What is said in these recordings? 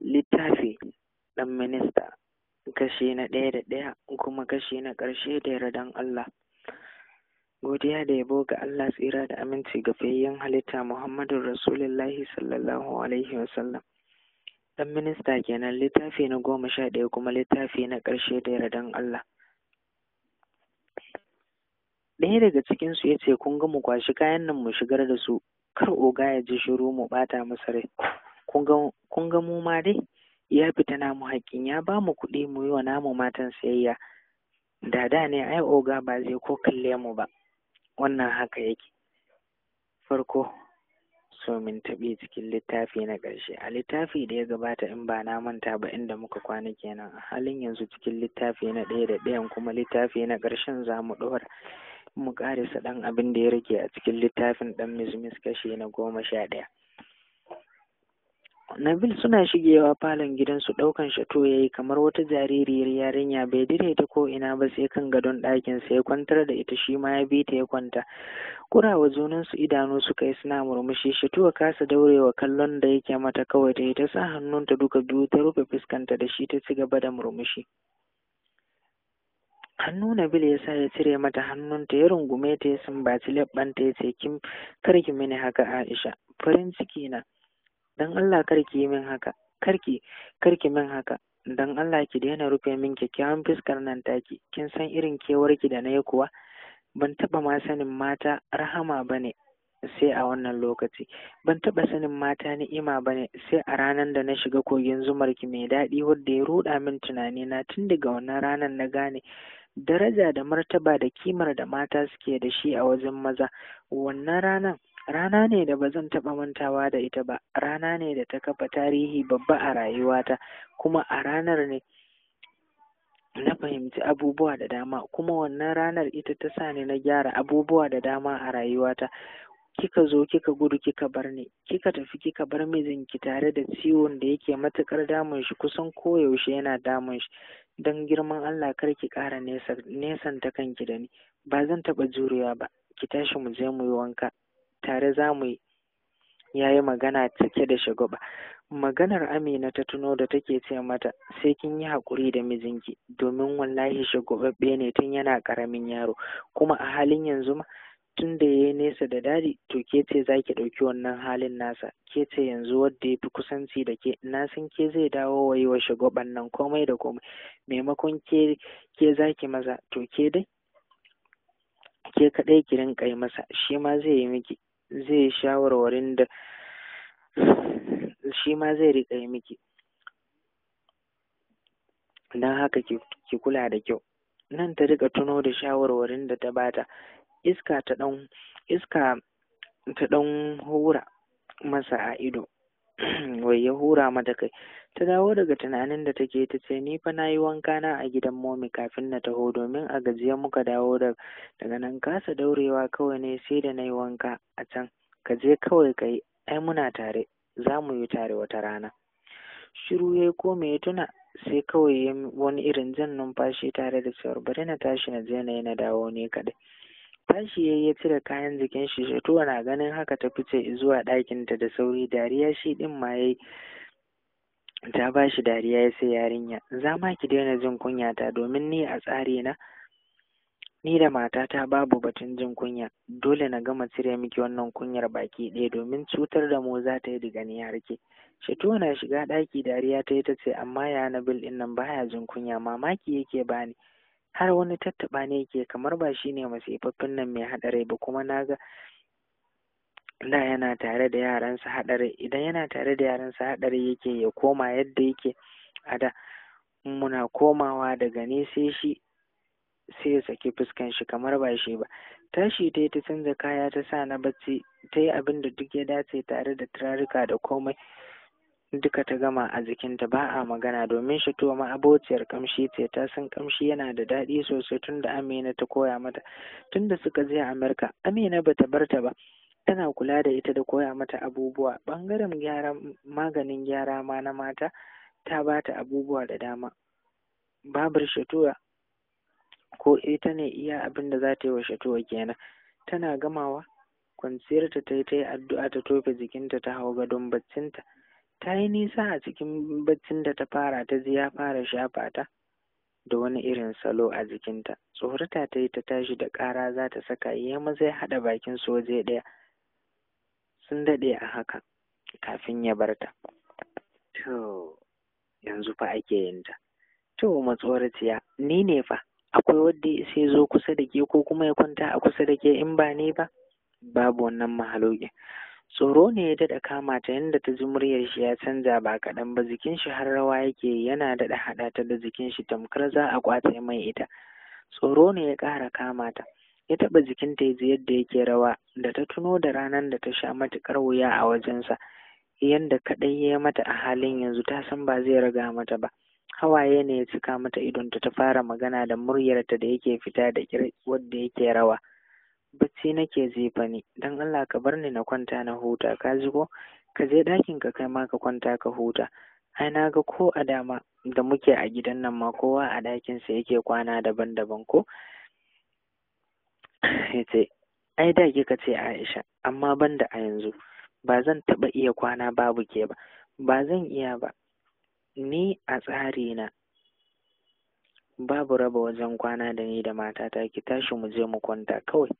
littafi ɗan minista kashi na ɗaya da ɗaya kuma kashi na ƙarshe da yardan Allah godiya da yabo ga Allah tsira da aminci ga fayyen halitta Muhammadu Rasulullahi sallallahu alaihi wasallam ɗan minista kenan littafi na goma sha ɗaya kuma littafi na ƙarshe da yardan Allah ɗaya daga cikinsu ya ce kun ga mu kwashi kayan nan mu shigar da su kar oga ya ji shiru mu ɓata masa rai kun ga mu ma dai ya fita namu haƙƙin ya ba mu kuɗi mu yi wa namu matan sayayya da da ne ai oga ba zai ko kalle mu ba wannan haka yake farko so min taɓe cikin littafi na ƙarshe a littafi da ya gabata in ba na manta ba inda muka kwana kenan a halin yanzu cikin littafi na ɗaya da ɗayan kuma littafi na ƙarshen za mu ɗora mu ƙarisa ɗan abin da ya rage a cikin littafin ɗan mizmis kashi na goma sha ɗaya Nabil suna shigewa falon gidansu ɗaukan shato ya yi kamar wata jaririyar yarinya bai dire ta ko ina ba sai kan gadon ɗakin sai ya kwantar da ita shi ma ya bi ta ya kwanta. Kurawa junansu idanu suka yi suna murmushi shato kasa daurewa kallon da yake mata kawai ta yi ta sa hannunta duka biyu ta rufe fuskanta da shi ta ci gaba da murmushi. hannu Nabil ya sa ya cire mata hannunta ya rungume ta ya sumbaci labbanta ya ce kin karki mini haka Aisha farin ciki na dan Allah karki min haka karki karki min haka dan Allah ki daina rufe min kyakkyawan fuskar nan taki kin san irin kewarki da na yi kuwa ban taba ma sanin mata rahama bane sai a wannan lokaci ban taba sanin mata ni'ima bane sai a ranar da na shiga kogin zumarki mai daɗi wadda ya ruɗa min tunani na tun daga wannan ranar na gane daraja da martaba da kimar da mata suke da shi a wajen maza wannan ranar Rana ne da ba zan taɓa mantawa da ita ba, rana ne da ta kafa tarihi babba a rayuwata, kuma a ranar ne na fahimci abubuwa da dama, kuma wannan ranar ita ta sa ni na gyara abubuwa da dama a rayuwata. Kika zo kika gudu kika bar ni, kika tafi kika bar mijinki tare da ciwon da yake matuƙar damun shi kusan koyaushe yana damun shi. Don girman Allah kar ki ƙara ta kanki da ni, ba zan taɓa jurewa ba, ki tashi mu je mu yi wanka. tare za mu yi ya yi magana cike da shagwaba maganar amina ta tuno da take ce mata sai kin yi haƙuri da mijinki domin wallahi shagwababbe ne tun yana ƙaramin yaro kuma a halin yanzu ma tun da ya nesa da dadi to ke ce za ki ɗauki wannan halin nasa ke ce yanzu wadda ya fi kusanci da ke na san ke zai dawo wa yi wa nan komai da komai maimakon ke ke za ki maza to ke dai ke kaɗai ki rinƙa yi masa shi ma zai yi miki zai shawarwarin da shi ma zai riƙa yi miki don haka ki kula da kyau nan ta riƙa tuno da shawarwarin da ta bata iska ta ɗan iska ta ɗan hura masa a ido wai ya hura mata kai ta dawo daga tunanin da take ta ce ni fa na yi wanka na a gidan momi kafin na taho domin a gajiya muka dawo daga nan kasa daurewa kawai ne sai da nayi wanka a can ka je kawai kai ai muna tare za mu yi tare wata rana shiru ya yi kome ya tuna sai kawai ya wani irin jan numfashi tare da cewar bari na tashi na je na yi na dawo ne kaɗai tashi ya ya cire kayan jikin shi tuwa na ganin haka ta fice zuwa ɗakinta da sauri dariya shi ɗin ma ya yi ta ba shi dariya ya sai yarinya za ma ki daina jin kunyata domin ni a tsari na ni da matata babu batun jin kunya dole na gama cire miki wannan kunyar baki ɗaya domin cutar da mu za ta yi daga ni harke shato na shiga ɗaki dariya ta yi ta ce amma ya na bil ɗin nan baya jin kunya mamaki yake bani har wani tattaɓa ne yake kamar ba shi ne masifaffin nan mai haɗarai ba kuma na ga da yana tare da yaransa haɗari idan yana tare da yaransa haɗari yake ya koma yadda yake a da muna komawa daga ne sai shi sai ya saki fuskan shi kamar ba shi ba tashi ta yi ta canza kaya ta sa na bacci ta yi abin da duk ya dace tare da turarika da komai duka ta gama a jikinta ba a magana domin shi ma ma'abociyar kamshi ce ta san kamshi yana da daɗi sosai tun amina ta koya mata tunda da suka je amurka amina bata ta bar ta ba tana kula da ita da koya mata abubuwa ɓangaren gyaran maganin gyara ma na mata ta ba ta abubuwa da dama babar shatuwa ko ita ne iya abin da za ta yi wa shatuwa kenan tana gamawa kwanciyar ta yi ta yi addu'a ta tofe jikinta ta hau gadon baccinta ta yi nisa a cikin baccin da ta fara ta ji ya fara shafa ta da wani irin salo a jikinta tsorata ta yi ta tashi da ƙara za ta saka ya maza ya haɗa bakin su waje ɗaya sun daɗe a haka kafin ya bar ta to yanzu fa ake yin ta to matsoraciya ni ne fa akwai wadda sai zo kusa da ke ko kuma ya kwanta a kusa da ke in ba ni ba babu wannan mahaloki tsoro ne ya daɗa kama ta yadda ta ji muryar shi ya canza ba kaɗan ba jikin shi har rawa yake yana daɗa haɗa ta da jikin shi tamkar za a kwace mai ita tsoro ne ya ƙara kama ta ya taɓa jikinta ya ji yadda yake rawa da ta tuno da ranar da ta sha matuƙar wuya a wajensa yadda kaɗai ya mata a halin yanzu ta san ba zai raga mata ba hawaye ne ya cika mata idonta ta fara magana da muryarta da yake fita da ƙir wadda yake rawa bacci nake jefa ni don Allah ka bar ni na kwanta na huta ka ji ko ka je ɗakin ka kai ma ka kwanta ka huta ai na ga ko a dama da muke a gidan nan ma kowa a ɗakinsa yake kwana daban-daban ko ya ai da kika ce aisha amma Banda a yanzu ba zan taɓa iya kwana babu ke ba ba zan iya ba ni a tsari na babu raba wajen kwana da ni da matata ki tashi mu je mu kwanta kawai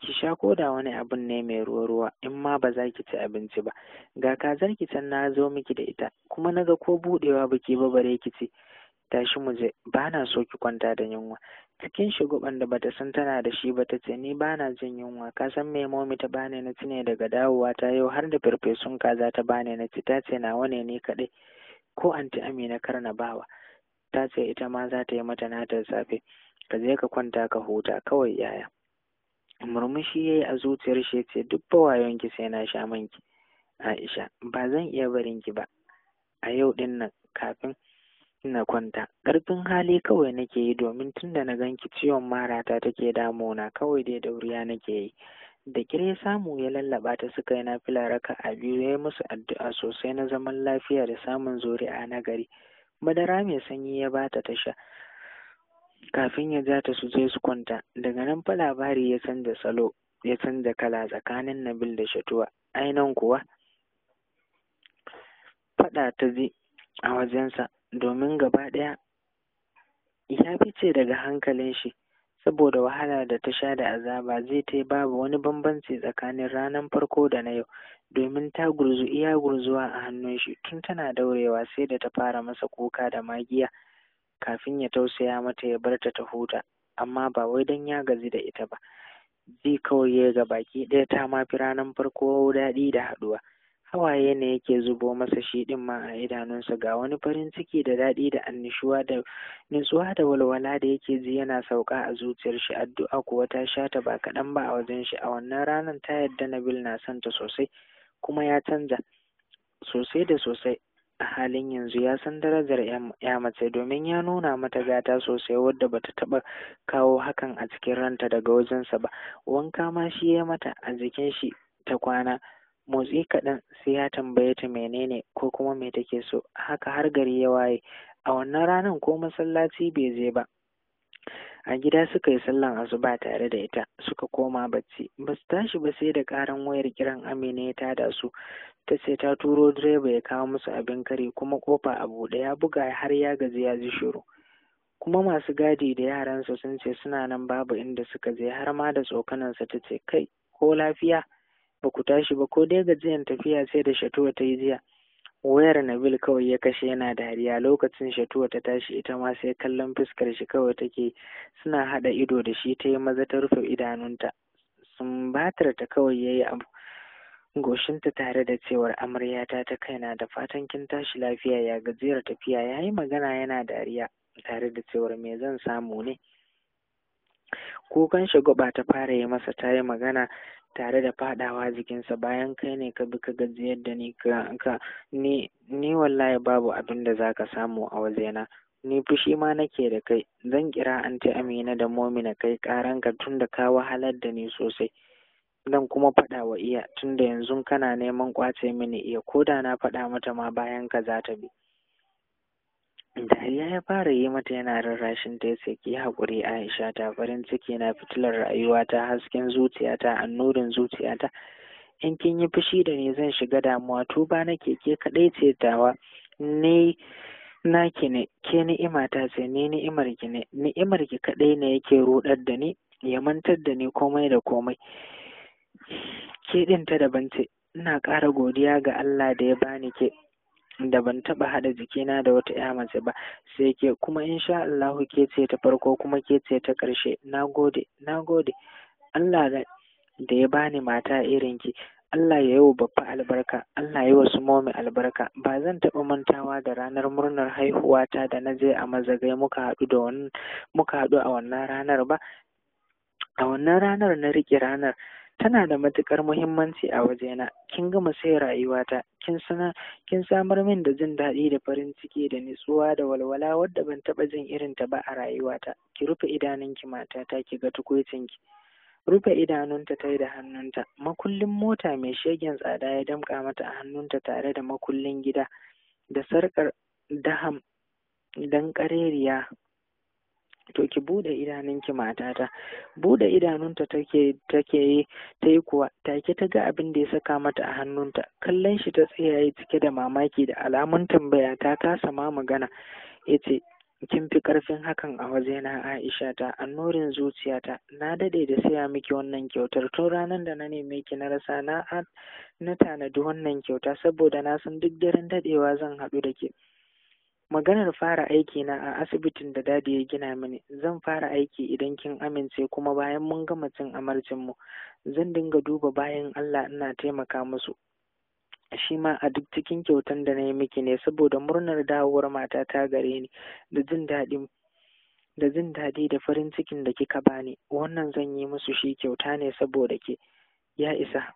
ki sha koda wani abun ne mai ruwa ruwa in ma ba za ki ci abinci ba ga kazar ki can na zo miki da ita kuma naga ko budewa baki ba bare ki ci tashi mu je ba na so ki kwanta da yunwa cikin shiguban da bata san tana da shi ba ta ce ni bana jin yunwa ka san me momi ta bani na ci ne daga dawowa ta yau har da farfesun kaza ta bani na ci ta ce nawa ne ni kaɗai ko anti amina kar na bawa ta ce ita ma za ta yi mata nata safe ka je ka kwanta ka huta kawai yaya murmushi yayi a zuciyar shi ce duk bawayon ki sai na sha manki Aisha ba zan iya barin ki ba a yau din kafin na kwanta ƙarfin hali kawai nake yi domin tun da na ki ciwon marata take damuna kawai dai da dauriya nake yi da kire samu ya lallaɓa ta suka yi na raka a biyu ya yi musu addu'a sosai na zaman lafiya da samun zuri'a na gari madara mai sanyi ya bata ta sha kafin ya ja ta su je su kwanta daga nan fa labari ya canza salo ya canza kala tsakanin nabil da shatuwa ainan kuwa faɗa ta ji a wajensa domin gaba ɗaya ya fice daga hankalin shi saboda wahala da ta sha da azaba zai yi babu wani bambanci tsakanin ranar farko da na yau domin ta gurzu iya gurzuwa a hannun shi tun tana daurewa sai da ta fara masa kuka da magiya kafin ya tausaya mata ya bar ta ta huta amma ba wai don ya gaji da ita ba zai kawai ya ga baki ɗaya ta mafi ranar farko daɗi da haɗuwa hawaye ne yake zubo masa shi ɗin ma a idanunsa ga wani farin ciki da daɗi da annishuwa da nutsuwa da walwala da yake ji yana sauka a zuciyar shi addu'a kuwa ta shata ba kaɗan ba a wajen shi a wannan ranar ta yadda Nabil na son ta sosai kuma ya canza sosai da sosai a halin yanzu ya san darajar ya mace domin ya nuna mata gata sosai wadda bata taɓa kawo hakan a cikin ranta daga wajensa ba wanka ma shi ya mata a jikin shi ta kwana motsi kaɗan sai ya tambaye ta menene ko kuma me take so haka har gari ya waye a wannan ranar ko masallaci bai je ba a gida suka yi sallan asuba tare da ita suka koma bacci ba su tashi ba sai da karan wayar kiran amina ya tada su ta ce ta turo direba ya kawo musu abin kare kuma kofa a buɗe ya buga har ya gaji ya ji shiru kuma masu gadi da yaransa sun ce suna nan babu inda suka je har ma da tsokanansa ta ce kai ko lafiya ba ku tashi ba ko dai gajiyan tafiya sai da shatuwa ta yi jiya wayar nabil kawai ya kashe yana dariya lokacin shatuwa ta tashi ita ma sai kallon fuskar shi kawai take suna haɗa ido da shi ta yi maza ta rufe idanunta sumbatar ta kawai ya yi abu goshinta tare da cewar amaryata ta kaina da fatan kin tashi lafiya ya gajiyar tafiya ya yi magana yana dariya tare da cewar me zan samu ne kukan shagwaba ta fara yi masa ta yi magana tare da faɗawa jikinsa bayan kai ne ka bi ka gajiyar da ni ka ni wallahi babu abin da zaka samu a wajena ni fushi ma nake da kai zan kira anti amina da momina kai karanka tun da ka wahalar da ni sosai dan kuma faɗawa wa iya tunda yanzu kana neman kwace mini iya ko da na faɗa mata ma bayan ka za ta bi dariya ya fara yi mata yana rarrashin ta yace ki haƙuri Aisha ta farin ciki na fitilar rayuwa ta, hasken zuciyata annurin zuciyata in kin yi fushi da ni zan shiga damuwa tuba na keke kaɗai ce tawa ni naki ne ke ni'ima ta ce ni ni'imar ki ne ni'imar ki kaɗai ne yake rudar da ni ya mantar da ni komai da komai ke ɗin ta daban ce ina ƙara godiya ga Allah da ya bani ke da ban taɓa haɗa jikina da wata ya mace ba sai ke kuma insha Allahu ke ce ta farko kuma ke ce ta ƙarshe na gode Allah da ya bani mata irin ki Allah ya yi wa babba albarka, Allah ya yi wa su momi albarka. Ba zan taɓa mantawa da ranar murnar haihuwata da na je a mazagai muka haɗu da muka haɗu a wannan ranar ba. A wannan ranar na riƙe ranar tana da matukar muhimmanci a wajena kin gama sai rayuwata kin sana kin samar min da jin daɗi da farin ciki da nutsuwa da walwala wadda ban taɓa jin irin ta ba a rayuwata ki rufe idanunki matata ki ga tukuicinki rufe idanunta ta yi da hannunta makullin mota mai shegen tsada ya damƙa mata a hannunta tare da makullin gida da sarƙar daham dan ƙareriya to ki bude idanunki matata bude idanunta take take yi kuwa take ta ga abin da ya saka mata a hannunta kallon shi ta tsayaye cike da mamaki da alamun tambaya ta kasa ma magana yace kin fi karfin hakan a wajena Aisha ta annorin zuciyata na dade da saya miki wannan kyautar to ranar da na neme ki na rasa na na tanadi wannan kyauta saboda na san duk daren dadewa zan haɗu da ke maganar fara aiki na a asibitin da dadi ya gina mini zan fara aiki idan kin amince kuma bayan mun gama cin amarcin mu zan dinga duba bayan Allah ina taimaka musu shi ma a duk cikin kyautan da na yi miki ne saboda murnar dawowar mata ta gare ni da jin daɗin da jin daɗi da farin cikin da kika bani wannan zan yi musu shi kyauta ne saboda ke ya isa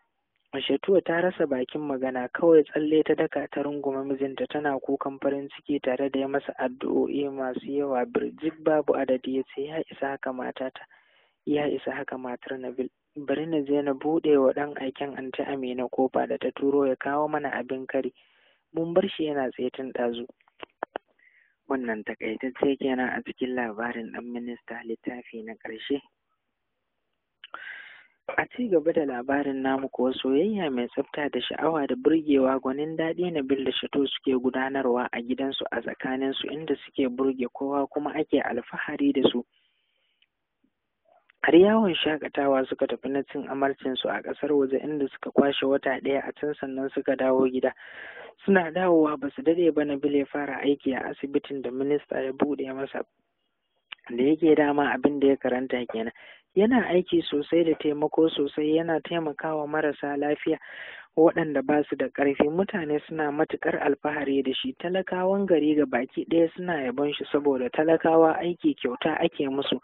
Mashatuwa ta rasa bakin magana, kawai tsalle ta daka ta runguma mijinta tana kukan farin ciki tare da ya masa addu'o'i masu yawa birjik babu adadi ya ce ya isa haka matata, ya isa haka matar Nabil. Bari na je na buɗe wa ɗan aiken anti Amina kofa da ta turo ya kawo mana abin kari. Mun bar shi yana tsetin ɗazu. Wannan takaitacce kenan a cikin labarin ɗan minista littafi na ƙarshe. A ci gaba da labarin namu kuwa soyayya mai tsafta da sha'awa da burgewa gwanin daɗi na bil da Shato suke gudanarwa a gidansu a tsakaninsu inda suke burge kowa kuma ake alfahari da su. Har yawon shakatawa suka tafi na cin amarcinsu a ƙasar waje inda suka kwashe wata ɗaya a can sannan suka dawo gida. Suna dawowa ba su daɗe ba na bil ya fara aiki a asibitin da minista ya buɗe masa da yake dama abin da ya karanta kenan yana aiki sosai da taimako sosai yana taimakawa marasa lafiya waɗanda ba su da ƙarfi mutane suna matuƙar alfahari da shi talakawan gari ga baki ɗaya suna yabon shi saboda talakawa aiki kyauta ake musu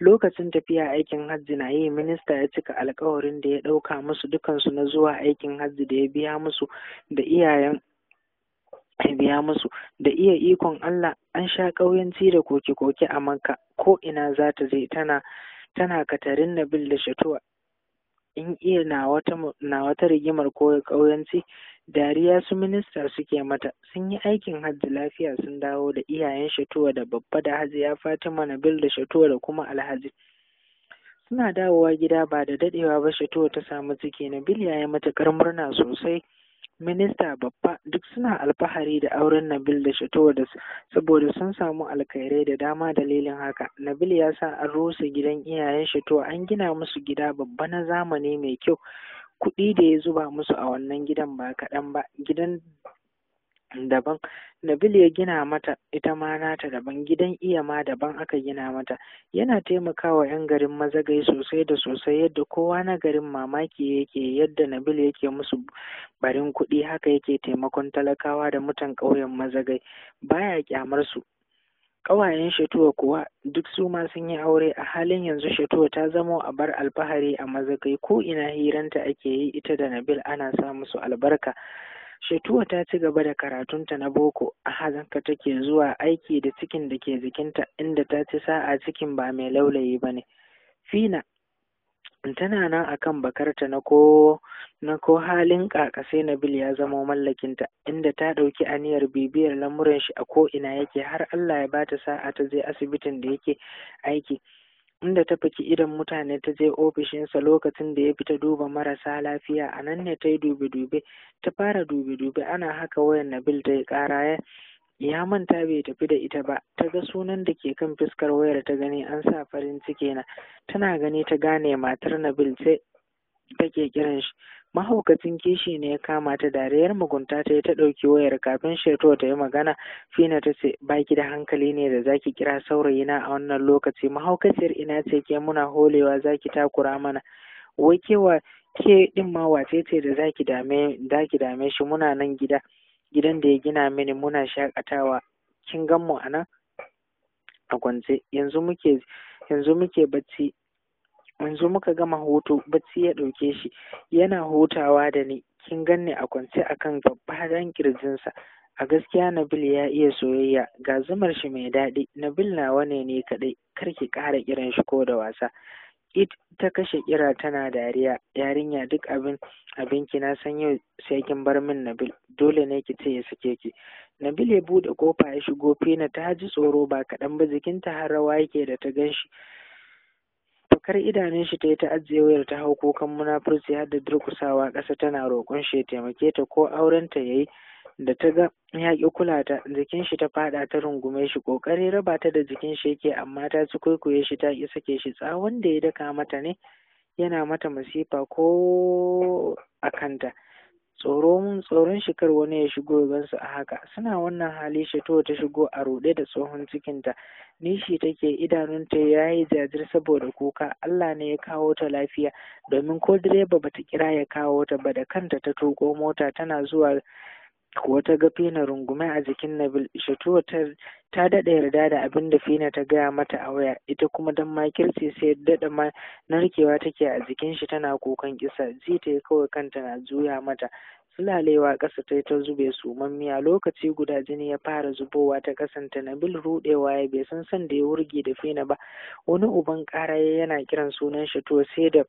lokacin tafiya aikin hajji na yi minista ya cika alkawarin da ya ɗauka musu dukansu na zuwa aikin hajji da ya biya musu da iyayen biya musu da iya ikon Allah an sha ƙauyanci da koke-koke a Makka ko ina za ta je tana tana katarin Nabil da Shatuwa. In iya na wata, na wata rigimar ko ƙauyanci, dariya su minista suke mata, sun yi aikin hajji lafiya sun dawo da iyayen Shatuwa da babba da hajiya Fatima Nabil da Shatuwa da kuma Alhaji. Suna dawowa gida ba da daɗewa ba Shatuwa ta samu ciki Nabil ya yi matuƙar murna sosai. minista babba duk suna alfahari da auren Nabil da Shatowa da saboda sun samu alkhairai da dama dalilin haka. Nabil ya sa an rusa gidan iyayen Shatowa an gina musu gida babba na zamani mai kyau. Kuɗi da ya zuba musu a wannan gidan ba kaɗan ba, gidan daban nabil ya gina mata ita ma nata daban gidan iya ma daban aka gina mata yana taimakawa yan garin mazagai sosai da sosai yadda kowa na garin mamaki yake yadda nabil yake musu barin kuɗi haka yake taimakon talakawa da mutan ƙauyen mazagai baya kyamar su ƙawayen shatuwa kuwa duk su ma sun yi aure a halin yanzu shatuwa ta zama a bar alfahari a mazagai ko ina hiranta ake yi ita da nabil ana sa musu albarka Shetuwa ta ci gaba da karatunta na boko, a hazanka take zuwa aiki da cikin da ke jikinta inda ta ci sa'a cikin ba mai laulayi ba ne. Fina tana nan akan bakarta na ko na ko halin kaka na bil ya zama mallakinta inda ta ɗauki aniyar bibiyar lamuran shi a ko ina yake har Allah ya bata sa'a ta je asibitin da yake aiki inda ta faki idon mutane ta je ofishinsa lokacin da ya fita duba marasa lafiya a nan ne ta yi dube-dube ta fara dube-dube ana haka wayan nabil ta yi kara ya manta bai tafi da ita ba ta ga sunan da ke kan fiskar wayar ta gani an sa farin ciki na tana gani ta gane matar nabil ce take kiran shi mahaukacin kishi ne ya kama ta dariyar mugunta ta yi ta ɗauki wayar kafin sheto ta yi magana fina ta ce baki da hankali ne da zaki kira saurayina a wannan lokaci mahaukaciyar ina ce ke muna holewa zaki takura mana wai kewa ke din ma wace ce da zaki dame dame shi muna nan gida gidan da ya gina mini muna shakatawa kin gan mu anan a kwance yanzu muke yanzu muke bacci yanzu muka gama hoto bacci ya ɗauke shi yana hutawa da ni kin ganni a kwance akan babban kirjinsa a gaskiya Nabil ya iya soyayya ga zumar shi mai daɗi Nabil nawa ne ne kaɗai kar ki ƙara kiran shi ko da wasa it ta kashe kira tana dariya yarinya duk abin abinki na san yau sai kin bar min Nabil dole ne ki ce ya sake ki Nabil ya buɗe kofa ya shigo fina ta ji tsoro ba kaɗan ba jikinta har rawa yake da ta gan shi. kar idanun shi ta yi ta wayar ta hau kukan munafurci har da durkusawa ƙasa tana roƙon shi ya taimake ta ko auren ta yayi da ta ga ya ƙi kula ta jikin shi ta faɗa ta rungume shi ƙoƙari raba ta da jikin shi yake amma ta ci kwaikwaye shi ta ƙi sake shi tsawon da ya daka mata ne yana mata masifa ko a kanta tsoro mun tsoron shikar wani ya shigo gansu a haka suna wannan hali shato ta shigo a ruɗe da tsohon cikinta nishi take idanunta ya yi jajir saboda kuka allah ne ya kawo ta lafiya domin ko direba bata kira ya kawo ta ba da kanta ta tuko mota tana zuwa kuwa ta ga fina rungume a jikin nabil ishatuwa ta daɗe yarda da abin da fina ta gaya mata a waya ita kuma dan makirci sai dada ma narkewa take a jikin shi tana kukan kisa ji ta kawai kanta na juya mata sulalewa ƙasa ta ta zube mammiya lokaci guda jini ya fara zubowa ta kasanta nabil rudewa ya bai san san da ya wurge da fina ba wani uban ƙara yana kiran sunan shi to sai da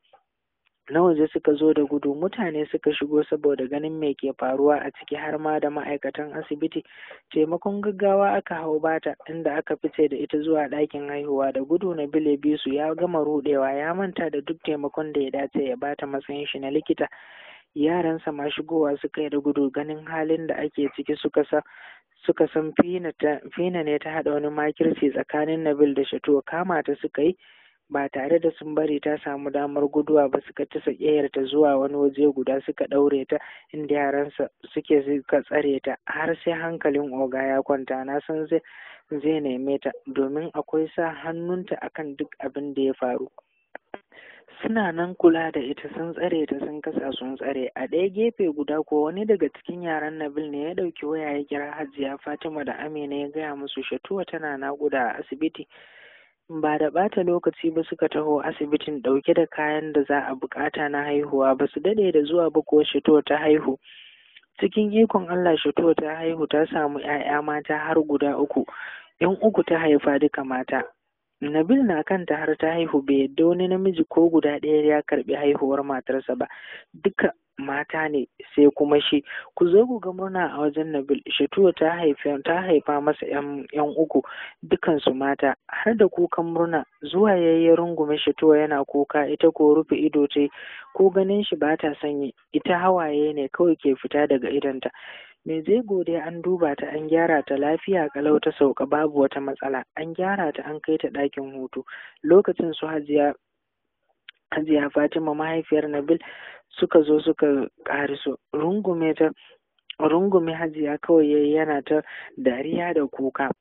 na waje suka zo da gudu mutane suka shigo saboda ganin me ke faruwa a ciki har ma da ma'aikatan asibiti taimakon gaggawa aka hau bata inda aka fice da ita zuwa ɗakin haihuwa da gudu na bile bisu ya gama rudewa ya manta da duk taimakon da ya dace ya bata matsayin shi na likita yaransa ma shigowa suka yi da gudu ganin halin da ake ciki suka sa suka san fina ne ta haɗa wani makirci tsakanin nabil da shato kama ta suka yi ba tare da sun bari ta samu damar guduwa ba suka ci ta zuwa wani waje guda suka ɗaure ta inda yaransa suke suka tsare ta har sai hankalin oga ya kwanta na san zai zai neme ta domin akwai sa hannunta akan duk abin da ya faru suna nan kula da ita sun tsare ta sun kasa sun tsare a ɗaya gefe guda ko wani daga cikin yaran nabil ne ya ɗauki waya ya kira hajiya fatima da amina ya gaya musu shatuwa tana naƙuda a asibiti ba da ɓata lokaci ba suka taho asibitin ɗauke da kayan da za a buƙata na haihuwa ba su daɗe da zuwa ba ko shito ta haihu cikin ikon Allah shito ta haihu ta samu 'ya'ya mata har guda uku yan uku ta haifa duka mata Nabil na kanta har ta haihu bai yadda wani namiji ko guda ɗaya ya karɓi haihuwar matarsa ba duka mata ne sai kuma shi ku zo ku ga murna a wajen Nabil Shatuwa ta haifa ta haifa masa yan uku dukansu mata har da kukan murna zuwa yayye rungume Shatuwa yana kuka ita ko rufe ido ce ko ganin shi ba ta sanyi ita hawaye ne kawai ke fita daga idanta me zai gode an duba ta an gyara ta lafiya kalau ta sauka babu wata matsala an gyara ta an kai ta ɗakin hutu lokacin su hajiya hajiya fatima mahaifiyar nabil suka zo suka ƙariso rungume ta rungume hajiya kawai yayi yana ta dariya da kuka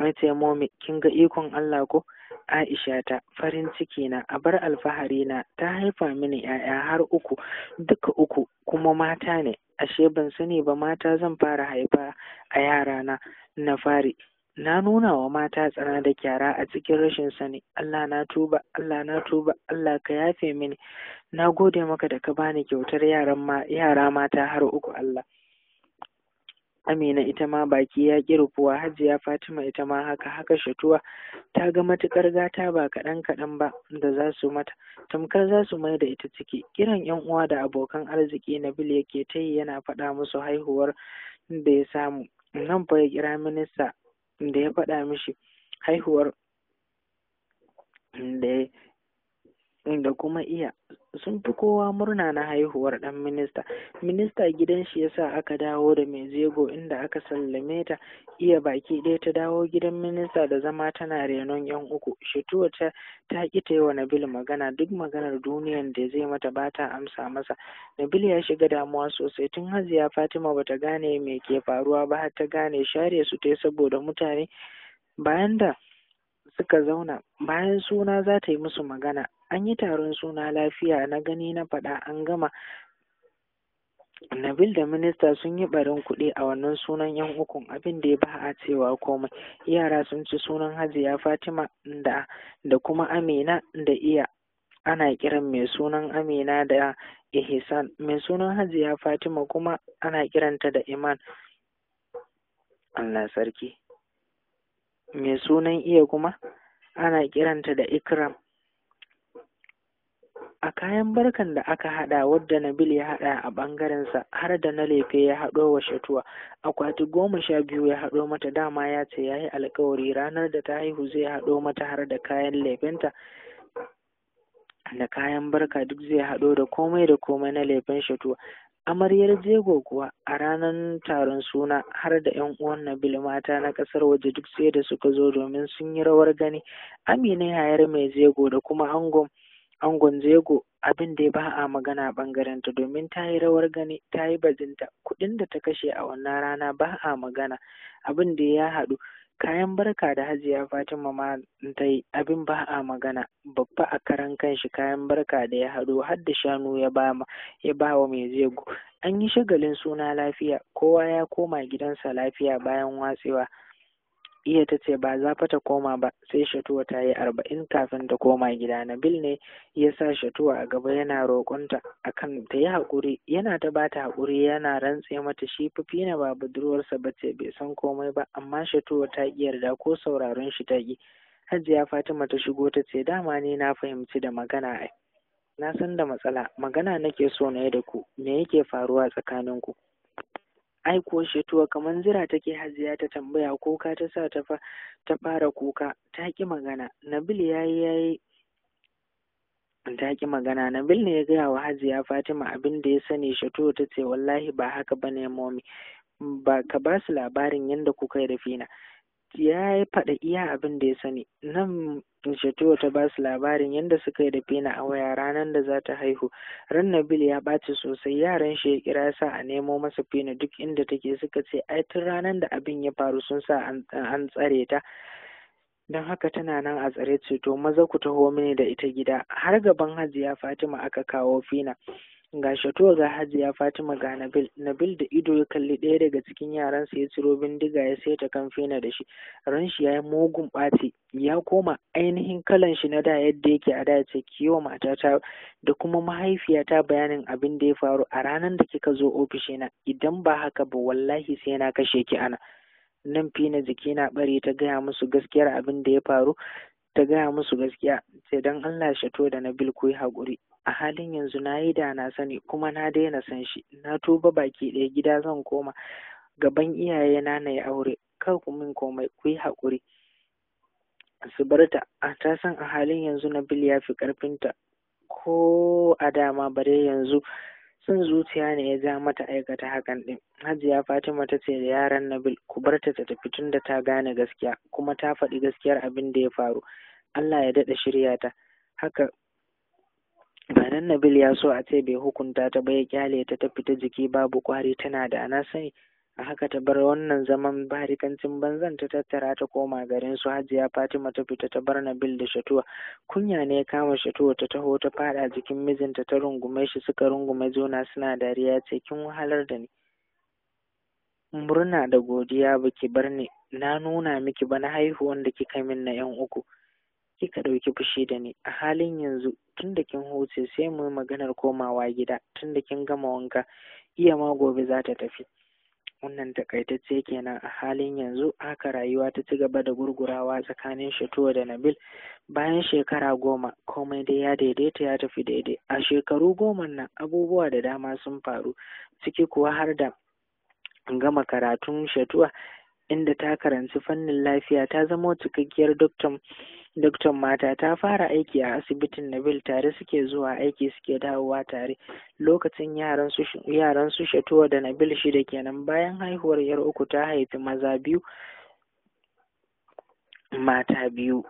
wai ce momi kin ga ikon Allah ko Aisha ta farin ciki na a bar alfahari na ta haifa mini ‘ya'ya har uku duka uku kuma mata ne ashe ban sani ba mata zan fara haifa a yara na na fari na nuna wa mata tsana da kyara a cikin rashin sani Allah na tuba Allah na tuba Allah ka yafe mini na gode maka da ka bani kyautar yaran ma yara mata har uku Allah Amina ita ma baki ya ƙi rufuwa Hajiya Fatima ita ma haka haka shatuwa ta ga matukar gata ba kaɗan kaɗan ba da za su mata tamkar za su mai da ita ciki kiran yan uwa da abokan arziki na Nabil yake ta yi yana faɗa musu haihuwar da ya samu nan fa ya kira minista da ya faɗa mishi haihuwar da da kuma iya sun fi kowa murna na haihuwar ɗan minista minista gidan shi ya sa aka dawo da mai zego inda aka sallame ta iya baki ɗaya ta dawo gidan minista da zama tana renon yan uku shituwa ta ta ki ta yi wa nabil magana duk maganar duniyan da zai mata ba ta amsa masa nabil ya shiga damuwa sosai tun haziya fatima ba ta gane me ke faruwa ba har ta gane share su ta saboda mutane bayan da suka zauna bayan suna za ta yi musu magana an yi taron suna lafiya na gani na faɗa an gama Nabil da minista sun yi barin kuɗi a wannan sunan yan ukun abin da ya ba a cewa komai yara sun ci sunan hajiya fatima da da kuma amina da iya ana kiran mai sunan amina da ihsan mai sunan hajiya fatima kuma ana kiranta da iman allah sarki mai sunan iya kuma ana kiranta da ikram a kayan barkan da aka haɗa wadda Nabil ya haɗa a ɓangarensa har da na lefe ya haɗo wa shatuwa akwati goma sha biyu ya haɗo mata dama ya ce ya yi alkawari ranar da ta haihu zai haɗo mata har da kayan lefenta da kayan barka duk zai haɗo da komai da komai na lefen shatuwa amaryar jego kuwa a ranar taron suna har da yan uwan nabil mata na kasar waje duk sai da suka zo domin sun yi rawar gani amina yayar mai jego da kuma angon angon jego abin da ba a magana bangaren ta domin ta yi rawar gani ta yi bajinta kuɗin da ta kashe a wannan rana ba a magana abin da ya haɗu kayan barka da hajiya fatima ma ta yi abin ba a magana babba a karan kanshi kayan barka da ya haɗu har da shanu ya ba ya ba wa mai zego an yi shagalin suna lafiya kowa ya koma gidansa lafiya bayan watsewa Iya ta ce ba za ta koma ba sai Shatuwa ta yi arba'in kafin ta koma gida. Nabil ne ya sa Shatuwa a gaba yana roƙonta akan ta yi haƙuri yana ta ba ta haƙuri yana rantse mata shi na ba budurwarsa ba ce bai san komai ba amma Shatuwa ta ƙi yarda ko sauraron shi ta ƙi. Hajiya Fatima ta shigo ta ce dama ne na fahimci da magana ai. Na san da matsala magana nake so na yi da ku me yake faruwa tsakaninku. ku. ai shi kamar jira take hajiya ta tambaya kuka ta sa ta fara kuka ta ki magana nabil yayi yayi ta ki magana nabil ne ya gaya wa hajiya fatima abin da ya sani Shatuwa ta ce wallahi ba haka bane momi ba ka ba su labarin yadda kuka yi rafina ya yi faɗa iya abin da ya sani nan Shatuwa ta basu labarin yadda suka yi da Fina a waya ranar da za ta haihu. Ran Nabil ya ɓaci sosai, yaran shi ya kira sa a nemo masa Fina duk inda take suka ce ai tun ranar da abin ya faru sun sa an tsare ta. Don haka tana nan a tsare ce to maza ku taho mini da ita gida har gaban Hajiya Fatima aka kawo Fina. ga Shato ga Hajiya Fatima ga Nabil. Nabil da ido ya kalli ɗaya daga cikin yaran sa ya ciro bindiga ya sai ta kamfena da shi. Ran shi ya yi mugun ɓaci, ya koma ainihin kalan shi na da yadda yake a da ce kiwo matata da kuma mahaifiyata bayanin abin da ya faru a ranar da kika zo ofishina idan ba haka ba wallahi sai na kashe ki ana. Nan fina jiki na bare ta gaya musu gaskiyar abin da ya faru ta gaya musu gaskiya sai dan Allah shato da Nabil ku yi haƙuri a halin yanzu na yi da na sani kuma na daina san shi na tuba baki ɗaya gida zan koma gaban iyaye na na yi aure kar ku min komai ku yi haƙuri su bar ta san a halin yanzu na bil ya fi ƙarfinta ko a dama bare yanzu sun zuciya ne ya ja mata aikata hakan ɗin hajiya fatima ta ce da yaran nabil ku barta ta ta tafi tun da ta gane gaskiya kuma ta faɗi gaskiyar abin da ya faru allah ya daɗa shirya ta haka ba nan Nabil ya so a ce bai hukunta ta ba ya kyale ta ta fita jiki babu kwari tana da ana sani a haka ta bar wannan zaman barikancin banzan ta tattara ta koma garin su hajiya fatima ta fita ta bar nabil da shatuwa kunya ne kama shatuwa ta taho ta fada jikin mijinta ta rungume shi suka rungume juna suna dariya ce kin wahalar da ni murna da godiya baki bar ni na nuna miki bana haihuwan da kika min na yan uku kika ɗauki fushi da ni a halin yanzu tunda kin huce sai mu yi maganar komawa gida tunda kin gama wanka iya ma gobe za ta tafi wannan takaitacce kenan a halin yanzu haka rayuwa ta ci gaba da gurgurawa tsakanin shatuwa da nabil bayan shekara goma komai dai ya daidaita ya tafi daidai a shekaru goma nan abubuwa da dama sun faru ciki kuwa har da gama karatun shatuwa inda ta karanci fannin lafiya ta zama cikakkiyar doktan doktor mata ta fara aiki a asibitin Nabil tare suke zuwa aiki suke dawowa tare. Lokacin yaran su Shatuwa da Nabil shida kenan bayan haihuwar yar uku ta haifi maza biyu mata biyu.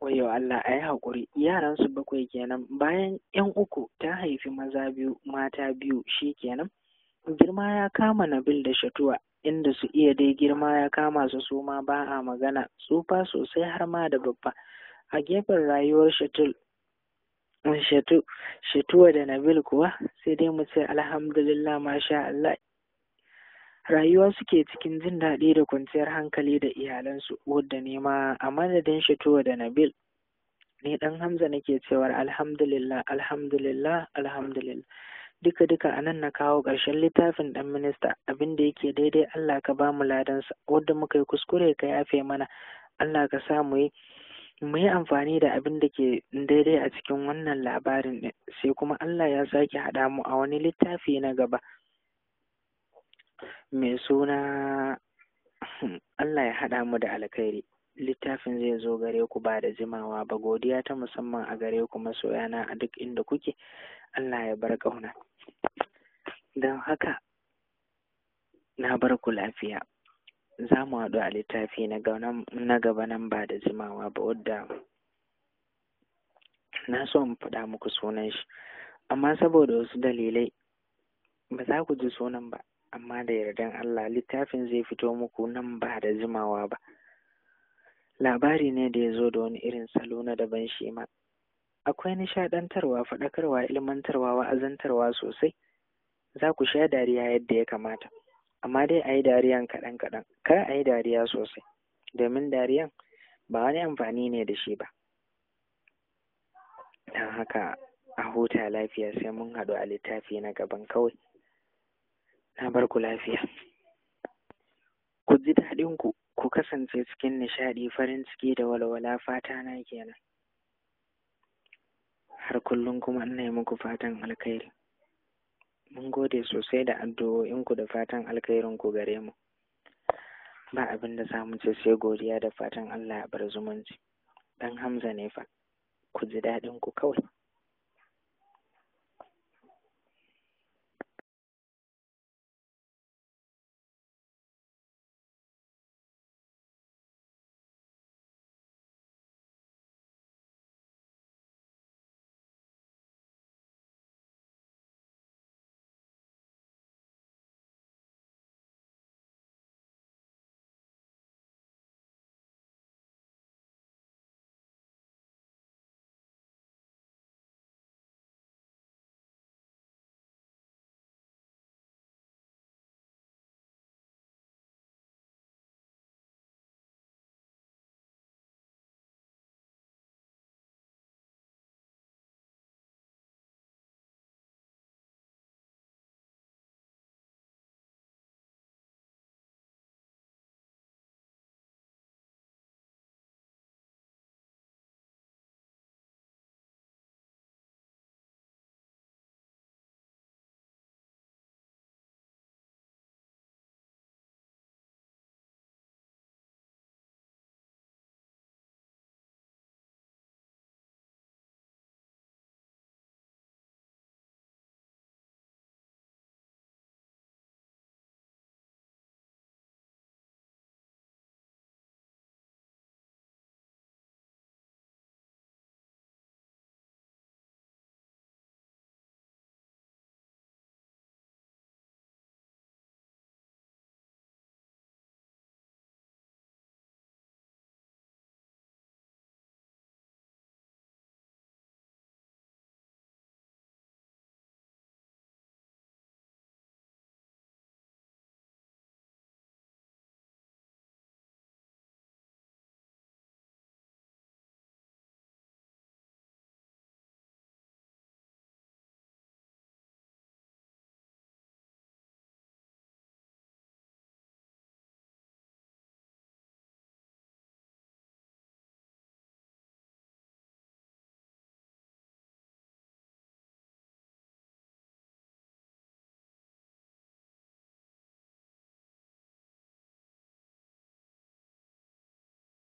Wayo Allah a yi haƙuri, yaran su bakwai kenan bayan ‘yan uku ta haifi maza biyu mata biyu shi kenan. Girma ya kama Nabil da Shatuwa inda su iya dai girma ya kama su su ma ba a magana tsufa sosai har ma da babba a gefen rayuwar shatul shatu shatuwa da nabil kuwa sai dai mu ce alhamdulillah masha Allah rayuwa suke cikin jin daɗi da kwanciyar hankali da iyalansu wadda nema a madadin shatuwa da nabil ne dan hamza nake cewa alhamdulillah alhamdulillah alhamdulillah duka duka a nan na kawo ƙarshen littafin ɗan minista abin da yake daidai Allah ka ba mu ladansa wanda muka yi kuskure ka yafe mana Allah ka sa mu yi mu yi amfani da abin da ke daidai a cikin wannan labarin ɗin sai kuma Allah ya sake haɗa mu a wani littafi na gaba mai suna Allah ya haɗa mu da alkhairi littafin zai zo gare ku ba da jimawa ba godiya ta musamman a gare ku masoyana a duk inda kuke Allah ya bar ƙauna. don haka na bar ku lafiya za mu haɗu a littafi na gaba nan ba da jimawa ba wadda na so in faɗa muku sunan shi amma saboda wasu dalilai ba za ku ji sunan ba amma da yardan Allah littafin zai fito muku nan ba da jimawa ba labari ne da ya zo da wani irin salo na daban shi ma akwai nishaɗantarwa faɗakarwa ilmantarwa wa'azantarwa sosai za ku sha dariya yadda ya kamata amma dai a yi dariyan kaɗan kaɗan kar a yi dariya sosai domin dariyan ba wani amfani ne da shi ba don haka a huta lafiya sai mun haɗu a littafi na gaban kawai na bar ku lafiya ku ji daɗinku ku kasance cikin nishaɗi farin ciki da walwala fata na kenan har kullum kuma ina yi muku fatan alkhairi mun gode sosai da addu'o'inku da fatan alkhairin ku gare mu ba abin da za mu ce sai godiya da fatan Allah ya bar zumunci dan Hamza ne fa ku ji daɗin ku kawai